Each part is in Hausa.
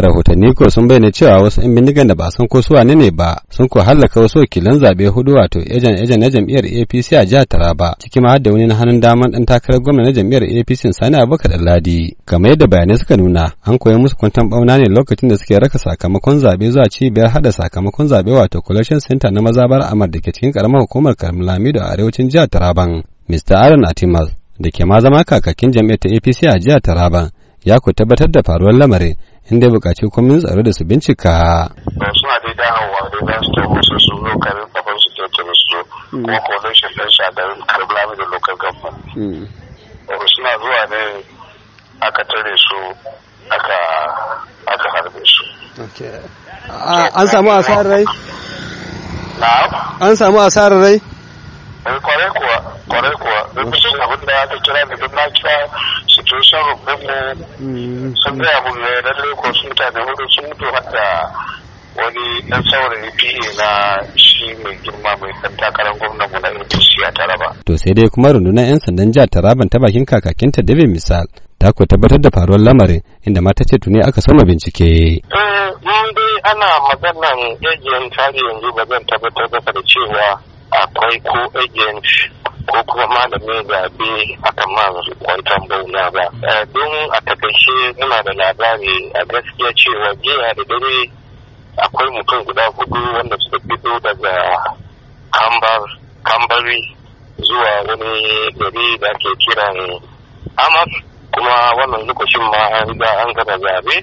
rahotanni ko sun bayyana cewa wasu 'yan bindigan da ba san ko su wane ne ba sun ko hallaka wasu wakilan zabe hudu wato ejan ejan na jam'iyyar APC a jihar Taraba cikin ma wani na hannun daman ɗan takarar gwamna na jam'iyyar APC Sani Abubakar Ladi kamar yadda bayanai suka nuna an koyi musu kwantan bauna ne lokacin da suke raka sakamakon zabe zuwa cibiyar hada sakamakon zabe wato collection center na mazabar Amar da ke cikin karamar hukumar Karmilamido a arewacin jihar Taraban Mr. Aaron Atimas da ke ma zama kakakin jam'iyyar APC a jihar Taraban ya ku tabbatar da faruwar lamarin inda ya buƙaci hukumin tsaro da su bincika. suna dai dawowa dai za su taimaka su su zo karin kafin su taimaka su zo kuma coalition ɗin su a garin karbulami da local government. Hmm. suna zuwa ne aka tare su aka harbe su. An samu asarar rai? An samu asarar rai? Eh, kwarai kuwa, kwarai kuwa. Zai fi abin da aka kira da na kira sun sarrafa mu mm. sun gaya mun ne lallai ko sun mutane hudu sun mutu hadda wani dan saurayi fiye na shi mai girma mai dan takarar gwamnan mu na APC a Taraba. To sai dai kuma rundunar 'yan sandan jihar Taraban ta bakin kakakinta David Misal ta ko tabbatar da faruwar lamarin inda mata ce tuni aka sama bincike. Mun eh, dai ana maganan ejiyan tari yanzu ba zan tabbatar da cewa akwai ko agent ko kuma malamin zabe a ma kwantar bauna ba eh, don a takaice muna da labari a gaskiya cewa jiya da dare akwai mutum guda hudu wanda suka fito daga kambari zuwa wani gari da ke kiran amas kuma wannan lokacin ma an ga an gaba zabe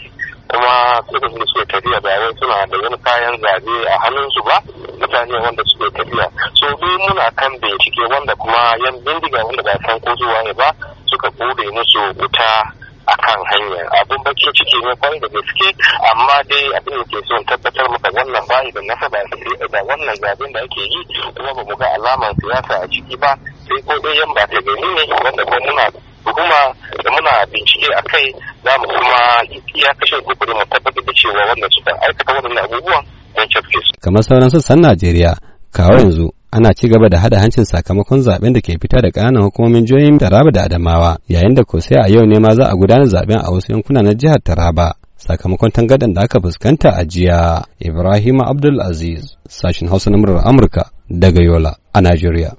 kuma suka da suke tafiya ba wai suna da wani kayan zabe a su ba mutane wanda suke tafiya so dai muna kan bincike wanda kuma yan bindiga wanda ba san ko zuwa ne ba suka bude musu wuta akan hanya abun bakin ciki ne kwarai da gaske amma dai abin da ke son tabbatar maka wannan bayi da nasaba da wannan zaben da ake yi kuma ba mu ga alamar siyasa a ciki ba sai ko dai yan ba ta gani ne wanda ko muna hukuma da muna bincike a kai za mu kuma ya kashe kukuri mu tabbatar da cewa wanda suka aikata waɗannan abubuwan don cafke su. Kamar sauran sassan Najeriya kawo yanzu ana ci gaba da hada hancin sakamakon zaben da ke fita da ƙananan hukumomin jihohin Taraba da Adamawa yayin da ko sai a yau ne ma za a gudanar zaben a wasu yankuna na jihar Taraba sakamakon tangadan da aka fuskanta a jiya Ibrahim abdulaziz sashen sashin Hausa na murar Amurka daga Yola a nigeria.